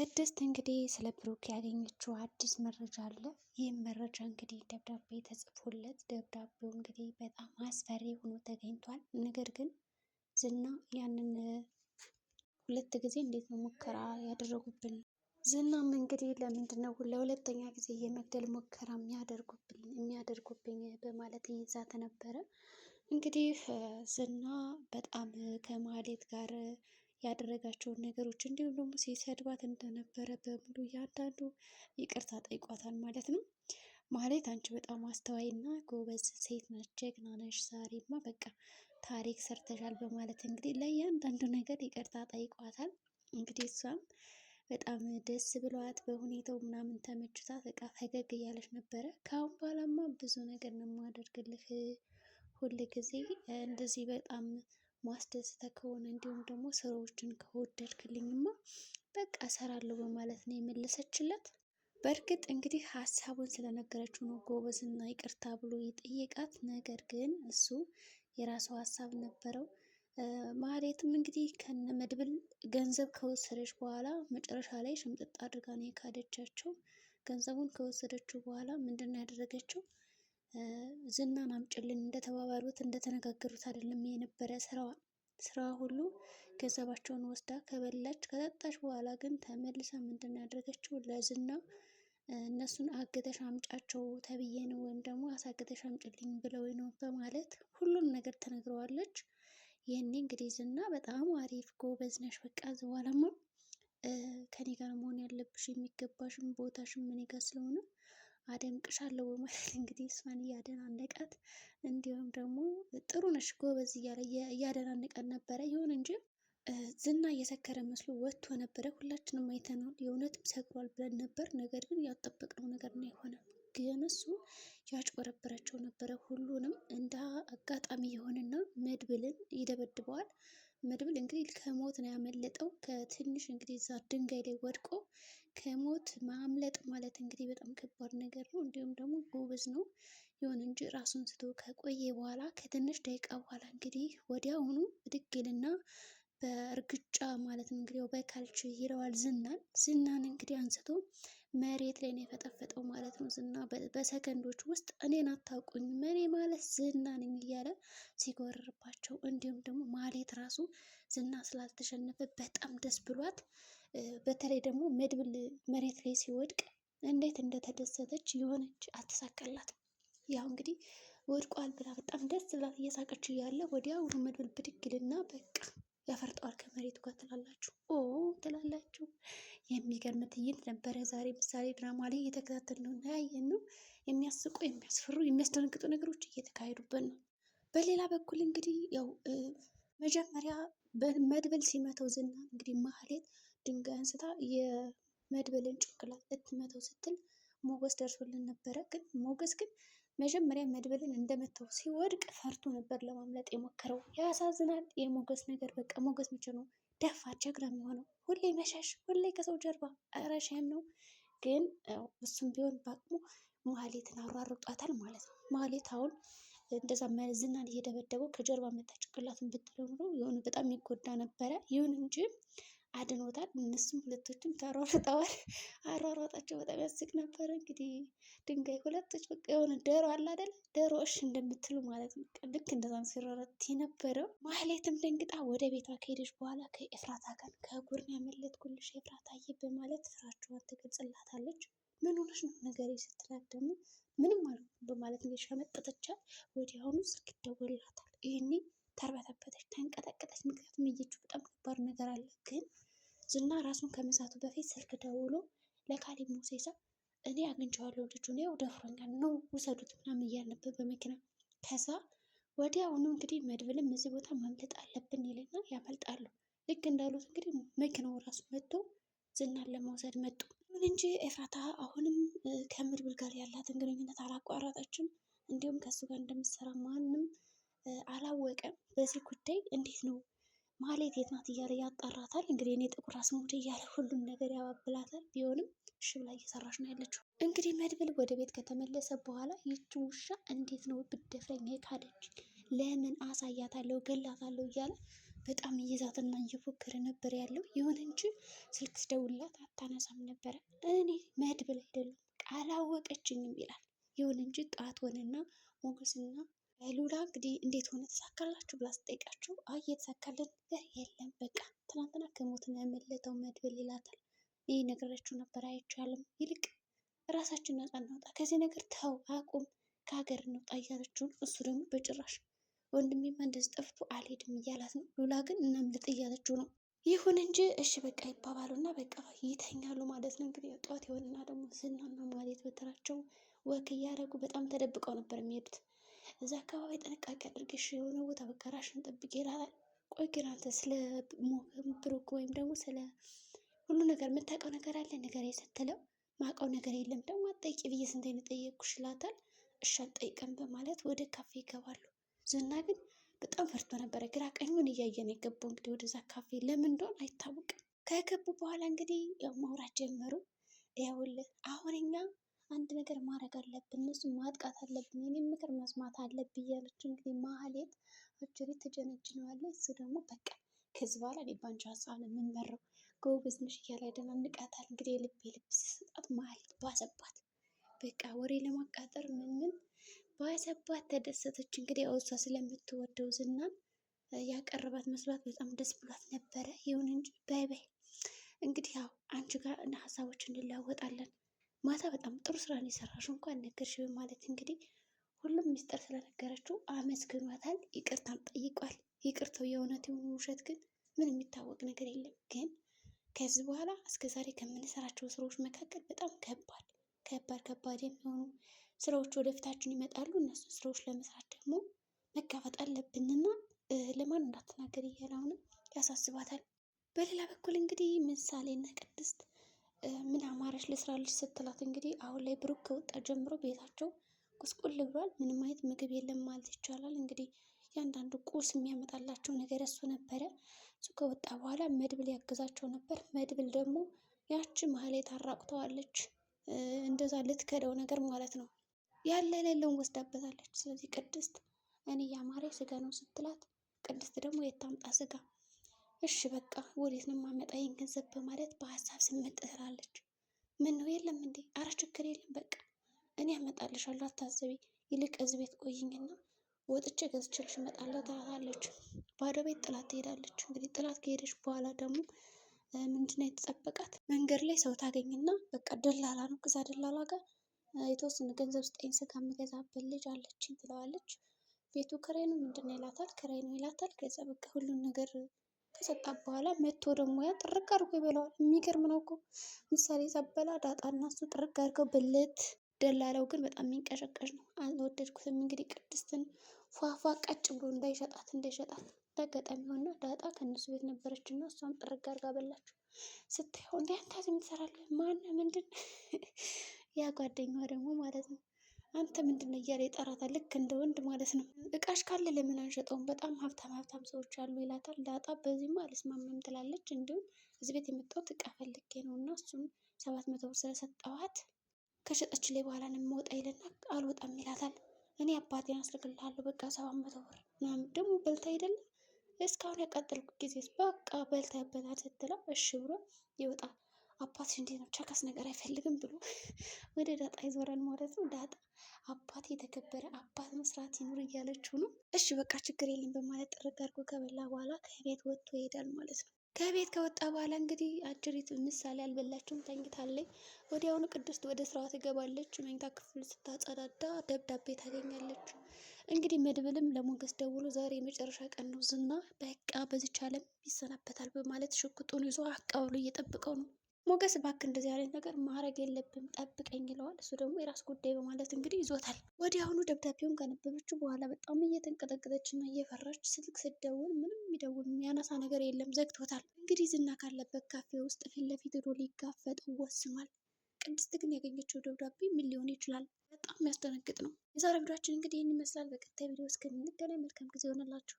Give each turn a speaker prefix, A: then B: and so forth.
A: ቅድስት እንግዲህ ስለ ብሩክ ያገኘችው አዲስ መረጃ አለ። ይህም መረጃ እንግዲህ ደብዳቤ ተጽፎለት ደብዳቤው እንግዲህ በጣም አስፈሪ ሆኖ ተገኝቷል። ነገር ግን ዝና ያንን ሁለት ጊዜ እንዴት ነው ሙከራ ያደረጉብን? ዝናም እንግዲህ ለምንድን ነው ለሁለተኛ ጊዜ የመግደል ሙከራ የሚያደርጉብኝ የሚያደርጉብኝ በማለት ይዛተ ነበረ። እንግዲህ ዝና በጣም ከማህሌት ጋር ያደረጋቸውን ነገሮች እንዲሁም ደግሞ ሲሰድባት እንደነበረ በሙሉ እያንዳንዱ ይቅርታ ጠይቋታል ማለት ነው። ማለት አንቺ በጣም አስተዋይ እና ጎበዝ ሴት ነሽ፣ ጀግና ነሽ፣ ዛሬማ በቃ ታሪክ ሰርተሻል በማለት እንግዲህ ለእያንዳንዱ ነገር ይቅርታ ጠይቋታል። እንግዲህ እሷም በጣም ደስ ብሏት በሁኔታው ምናምን ተመችቷት በቃ ፈገግ እያለች ነበረ። ከአሁን በኋላማ ብዙ ነገር ነው የማደርግልህ ሁል ጊዜ እንደዚህ በጣም ማስደስተህ ከሆነ እንዲሁም ደግሞ ስራዎችን ከወደድክልኝማ በቃ እሰራለሁ በማለት ነው የመለሰችለት። በእርግጥ እንግዲህ ሀሳቡን ስለነገረችው ነው ጎበዝና ይቅርታ ብሎ የጠየቃት። ነገር ግን እሱ የራሱ ሀሳብ ነበረው። ማህሌትም እንግዲህ ከነ መድብል ገንዘብ ከወሰደች በኋላ መጨረሻ ላይ ሽምጥጥ አድርጋ ነው የካደቻቸው። ገንዘቡን ከወሰደችው በኋላ ምንድን ነው ያደረገችው? ዝናን አምጭልን እንደተባባሉት እንደተነጋገሩት አይደለም የነበረ ስራዋ ስራዋ ሁሉ ገንዘባቸውን ወስዳ ከበላች ከጠጣች በኋላ ግን ተመልሳ ምንድን ያደረገችው ለዝና እነሱን አግተሽ አምጫቸው ተብዬ ነው ወይም ደግሞ አሳግተሽ አምጭልኝ ብለው ነው በማለት ሁሉም ነገር ተነግረዋለች። ይህኔ እንግዲህ ዝና በጣም አሪፍ ጎበዝ ነሽ፣ በቃ በኋላማ ከኔ ጋር መሆን ያለብሽ የሚገባሽም ቦታሽም እኔ ጋር ስለሆነ አደንቅሻለሁ በማለት እንግዲህ እሷን እያደናነቃት እንዲሁም ደግሞ ጥሩ ነሽ ጎበዝ እያለ ነበረ። ይሁን እንጂ ዝና እየሰከረ መስሎ ወጥቶ ነበረ። ሁላችንም አይተናል። የእውነትም ሰክሯል ብለን ነበር። ነገር ግን ያልጠበቅነው ነገር ነው የሆነ። ግን እሱ ያጭበረበረቸው ነበረ። ሁሉንም እንደ አጋጣሚ የሆነና መድብልን ይደበድበዋል። መድብል እንግዲህ ከሞት ነው ያመለጠው። ከትንሽ እንግዲህ እዛ ድንጋይ ላይ ወድቆ ከሞት ማምለጥ ማለት እንግዲህ በጣም ከባድ ነገር ነው። እንዲሁም ደግሞ ጎበዝ ነው። ይሁን እንጂ ራሱን ስቶ ከቆየ በኋላ ከትንሽ ደቂቃ በኋላ እንግዲህ ወዲያውኑ ብድግ ይልና በእርግጫ ማለት ነው እንግዲህ በካልች ይለዋል ዝናን። ዝናን እንግዲህ አንስቶ መሬት ላይ ነው የፈጠፈጠው ማለት ነው። ዝና በሰከንዶች ውስጥ እኔን አታውቁኝ እኔ ማለት ዝና ነኝ እያለ ሲጎርርባቸው፣ እንዲሁም ደግሞ ማሌት ራሱ ዝና ስላልተሸነፈ በጣም ደስ ብሏት፣ በተለይ ደግሞ መድብል መሬት ላይ ሲወድቅ እንዴት እንደተደሰተች የሆነች አልተሳካላት። ያው እንግዲህ ወድቋል ብላ በጣም ደስ ብላት እየሳቀች እያለ ወዲያውኑ መድብል ብድግልና በቃ ያፈርጠዋል ከመሬቱ ጋር ትላላችሁ፣ ኦ ትላላችሁ። የሚገርም ትዕይንት ነበረ ዛሬ ምሳሌ ድራማ ላይ እየተከታተል ነው ያየን ነው። የሚያስቁ የሚያስፈሩ፣ የሚያስደነግጡ ነገሮች እየተካሄዱበት ነው። በሌላ በኩል እንግዲህ ያው መጀመሪያ መድበል ሲመተው ዝና እንግዲህ ማህሌት ድንጋይ አንስታ የመድበልን ጭንቅላት ልትመተው ስትል ሞገስ ደርሶልን ነበረ። ግን ሞገስ ግን መጀመሪያ መድብልን እንደመታው ሲወድቅ ፈርቶ ነበር ለማምለጥ የሞከረው። ያሳዝናል። የሞገስ ነገር በቃ ሞገስ መቼ ነው ደፋ ጀግና የሚሆነው? ሁሌ መሸሽ፣ ሁሌ ከሰው ጀርባ ረሻም ነው። ግን እሱም ቢሆን በአቅሙ መሀሌትን አሯርጧታል ማለት ነው። መሀሌት አሁን እንደዛ ዝናን እየደበደበው ከጀርባ መታ ጭንቅላቱን ብትለው ኑሮ የሆነ በጣም ይጎዳ ነበረ። ይሁን እንጂ አድኖታል። እነሱም ሁለቶችም ተሯሩጠዋል። አሯሯጣቸው በጣም ያስቅ ነበረ። እንግዲህ ድንጋይ ሁለቶች በቃ የሆነ ደሮ አለ አይደል? ደሮ እሽ እንደምትሉ ማለት ነው። ልክ እንደዛም ሲሯሯጥ የነበረው ማህሌትም ደንግጣ ወደ ቤቷ ከሄደች በኋላ ከኤፍራታ ጋር ከጉር ያመለጥኩልሽ ኤፍራታዬ በማለት ስራቸዋን ትገልጽላታለች። ምን ሆነሽ ነው ነገር ስትላት ደግሞ ምንም አልኩ በማለት እንደሸመጠጠቻት ወዲያውኑ ስልክ ይደወልላታል። ይህኔ ተርበተበተች፣ ተንቀጠቀጠች። ምክንያቱም እየችው በጣም ከባድ ነገር አለ ግን ዝና ራሱን ከመሳቱ በፊት ስልክ ደውሎ ለካሌብ ሙሴሳ እኔ አግኝቼዋለሁ ልጁን ያው ደፍሮኛል ነው ውሰዱት ምናምን እያልነበር በመኪና ከዛ ወዲያውኑ እንግዲህ መድብልም እዚህ ቦታ ማምለጥ አለብን ይልና ያመልጣሉ። ልክ እንዳሉት እንግዲህ መኪናው ራሱ መጥቶ ዝናን ለመውሰድ መጡ። እንጂ ኤፍራታ አሁንም ከምድብል ጋር ያላትን ግንኙነት አላቋረጠችም። እንዲሁም ከእሱ ጋር እንደምትሰራ ማንም አላወቀም። በዚህ ጉዳይ እንዴት ነው ማሌት የት ናት እያለ ያጣራታል። እንግዲህ እኔ ጥቁር አስሙድ እያለ ሁሉም ነገር ያባብላታል። ቢሆንም እሺ ላይ እየሰራች ነው ያለችው። እንግዲህ መድብል ወደ ቤት ከተመለሰ በኋላ ይቺ ውሻ እንዴት ነው ብደፍረኝ የካደች? ለምን አሳያታለሁ፣ ገላታለሁ እያለ በጣም እየዛትና እየፎከረ ነበር ያለው። ይሁን እንጂ ስልክ ስደውልላት አታነሳም ነበረ። እኔ መድብል አይደለም አላወቀችኝም ይላል። ይሁን እንጂ ጣት ሆነና ሞገስና ሉላ እንግዲህ እንዴት ሆነ ተሳካላችሁ ብላ ስጠይቃችሁ አይ የተሳካልን ነገር የለም በቃ ትናንትና ከሞት ነው ያመለጠው መድብል ይላታል። ይህ ነገረችው ነበር አይቻልም፣ ይልቅ ራሳችን ነፃ እናውጣ ከዚህ ነገር ተው አቁም ከሀገር እንውጣ እያለችውን እሱ ደግሞ በጭራሽ ወንድሜማ እንደዚህ ጠፍቶ አልሄድም እያላት ነው። ሉላ ግን እናምልጥ እያለችው ነው። ይሁን እንጂ እሺ በቃ ይባባሉ እና በቃ ይተኛሉ ማለት ነው። እንግዲህ ጠዋት የሆነና ደግሞ ዝናና ማለት በተራቸው ወክ እያደረጉ በጣም ተደብቀው ነበር የሚሄዱት እዛ አካባቢ ጥንቃቄ አድርገሽ የሆነ ቦታ በቃ ራሽን ጠብቅ ይላል። ቆይ ግን አንተ ስለ ብሩክ ወይም ደግሞ ስለ ሁሉ ነገር የምታውቀው ነገር አለ ነገር የሰትለው ማውቀው ነገር የለም ደግሞ አጠይቂ ብዬ ስንት ነው የጠየቅኩሽ ይላታል። እሺ አልጠይቅም በማለት ወደ ካፌ ይገባሉ። ዝና ግን በጣም ፈርቶ ነበረ። ግራ ቀኙን እያየ ነው የገባው። እንግዲህ ወደዛ ካፌ ለምን እንደሆነ አይታወቅም። ከገቡ በኋላ እንግዲህ ያው ማውራት ጀመሩ። ያውል አሁን እኛ አንድ ነገር ማድረግ አለብን፣ እነሱ ማጥቃት አለብን፣ የኔን ምክር መስማት አለብህ እያለች እንግዲህ ማህሌት አክቹዋሊ ትጀነጅነዋለች። እሱ ደግሞ በቃ ከዚህ በኋላ እኔ ባንቺ ሀሳብ ነው የምመራው ጎበዝ ነሽ እያለ ያደናንቃታል። እንግዲህ የልብ የልብ ሲሰጣት ማህሌት ባሰባት፣ በቃ ወሬ ለማቃጠር ምን ምን ባሰባት ተደሰተች። እንግዲህ እሷ ስለምትወደው ዝና ያቀረባት መስሏት በጣም ደስ ብሏት ነበረ። ይሁን እንጂ በይ በይ እንግዲህ ያው አንቺ ጋር ሀሳቦች እንለዋወጣለን ማታ በጣም ጥሩ ስራ ነው የሰራሽው እንኳን ነገርሽ ማለት እንግዲህ ሁሉም ሚስጥር ስለነገረችው አመስግኗታል፣ ይቅርታም ጠይቋል። ይቅርታው የእውነት ይሁን ውሸት ግን ምን የሚታወቅ ነገር የለም። ግን ከዚህ በኋላ እስከ ዛሬ ከምንሰራቸው ስራዎች መካከል በጣም ከባድ ከባድ ከባድ የሚሆኑ ስራዎች ወደፊታችን ይመጣሉ። እነሱ ስራዎች ለመስራት ደግሞ መጋፈጥ አለብንና ለማን እንዳትናገር እያለ አሁንም ያሳስባታል። በሌላ በኩል እንግዲህ ምሳሌና ቅድስት ምን አማራሽ ልስራልሽ ስትላት እንግዲህ አሁን ላይ ብሩክ ከወጣ ጀምሮ ቤታቸው ቁስቁል ብሏል። ምንም አይነት ምግብ የለም ማለት ይቻላል። እንግዲህ እያንዳንዱ ቁርስ የሚያመጣላቸው ነገር እሱ ነበረ። እሱ ከወጣ በኋላ መድብል ያግዛቸው ነበር። መድብል ደግሞ ያቺ መሀል ታራቁተዋለች። እንደዛ ልትከደው ነገር ማለት ነው ያለ የሌለውን ወስዳበታለች። ስለዚህ ቅድስት እኔ ያማረ ስጋ ነው ስትላት፣ ቅድስት ደግሞ የታምጣ ስጋ እሺ በቃ ወዴት ነው የማመጣ ይህን ገንዘብ በማለት በሀሳብ ስምጥ ትላለች። ምን ነው የለም እንዴ? አረ ችግር የለም በቃ እኔ አመጣልሻለሁ አታስቢ። ይልቅ እዚህ ቤት ቆይኝና ወጥቼ ገዝቼልሽ እመጣለሁ ትላታለች። ባዶ ቤት ጥላት ትሄዳለች። እንግዲህ ጥላት ከሄደች በኋላ ደግሞ ምንድን ነው የተጠበቃት? መንገድ ላይ ሰው ታገኝና በቃ ደላላ ነው። ከዛ ደላላ ጋር የተወሰነ ገንዘብ ስጠኝ ስጋ የምገዛበት ልጅ አለችኝ ትለዋለች። ቤቱ ክራይ ነው ምንድን ነው ይላታል። ክራይ ነው ይላታል። ከዛ በቃ ሁሉን ነገር ከሰጣት በኋላ መቶ ደግሞ ያ ጥርቅ አድርጎ ይበላዋል። የሚገርም ነው እኮ ምሳሌ ሰበላ ዳጣ እና እሱ ጥርቅ አድርገው ብልት ደላለው ግን በጣም የሚንቀሸቀሽ ነው። አልወደድኩትም። እንግዲህ ቅድስትን ፏፏ ቀጭ ብሎ እንዳይሸጣት እንዳይሸጣት በአጋጣሚ ሆና ዳጣ ከእነሱ ቤት ነበረች እና እሷም ጥርግ አርጋ በላችሁ። ስታየው እንደ አንተ የምትሰራለህ ማን ምንድን ያ ጓደኛዋ ደግሞ ማለት ነው አንተ ምንድን ነው እያለ ይጠራታል። ልክ እንደ ወንድ ማለት ነው። እቃሽ ካለ ለምን አንሸጠውም? በጣም ሀብታም ሀብታም ሰዎች አሉ ይላታል። ዳጣ በዚህማ አልስማማም ትላለች። እንዲሁም እዚህ ቤት የመጣሁት እቃ ፈልጌ ነው እና እሱም ሰባት መቶ ብር ስለሰጠኋት ከሸጠች ላይ በኋላ ነው የምወጣ ይልና አልወጣም ይላታል። እኔ አባቴን አስልክልሃለሁ በቃ ሰባት መቶ ብር ምናምን ደግሞ በልታ አይደለም እስካሁን ያቃጠልኩት ጊዜ በቃ በልታበታል ስትለው እሺ ብሎ ይወጣል። አባትሽ እንዴት ነው ቸከስ ነገር አይፈልግም ብሎ ወደ ዳጣ ይዞራል ማለት ነው። ዳጣ አባት የተከበረ አባት መስራት ይኑር እያለችው ነው። እሺ በቃ ችግር የለም በማለት ጥርግ አድርጎ ከበላ በኋላ ከቤት ወጥቶ ይሄዳል ማለት ነው። ከቤት ከወጣ በኋላ እንግዲህ አጅሪት ምሳሌ አልበላችሁም ተኝታለች። ወዲያውኑ ቅድስት ወደ ስራዋ ትገባለች። መኝታ ክፍል ስታጸዳዳ ደብዳቤ ታገኛለች። እንግዲህ መድብልም ለሞገስ ደውሎ ዛሬ የመጨረሻ ቀን ነው ዝና በቃ በዚች ዓለም ይሰናበታል በማለት ሽጉጡን ይዞ አቀባብሎ እየጠበቀው ነው። ሞገስ እባክህ እንደዚህ አይነት ነገር ማድረግ የለብም ጠብቀኝ ይለዋል። እሱ ደግሞ የራስ ጉዳይ በማለት እንግዲህ ይዞታል። ወዲያውኑ ደብዳቤውን ከነበበችው በኋላ በጣም እየተንቀጠቀጠች እና እየፈራች ስልክ ስደውል ምንም የሚደውል የሚያነሳ ነገር የለም፣ ዘግቶታል። እንግዲህ ዝና ካለበት ካፌ ውስጥ ፊት ለፊት ሄዶ ሊጋፈጥ ወስኗል። ቅድስት ግን ያገኘችው ደብዳቤ ምን ሊሆን ይችላል? በጣም የሚያስደነግጥ ነው። የዛሬ ቪዲዮአችን እንግዲህ ይህን ይመስላል። በቀጣይ ቪዲዮ እስከምንገናኝ መልካም ጊዜ ይሆንላችሁ።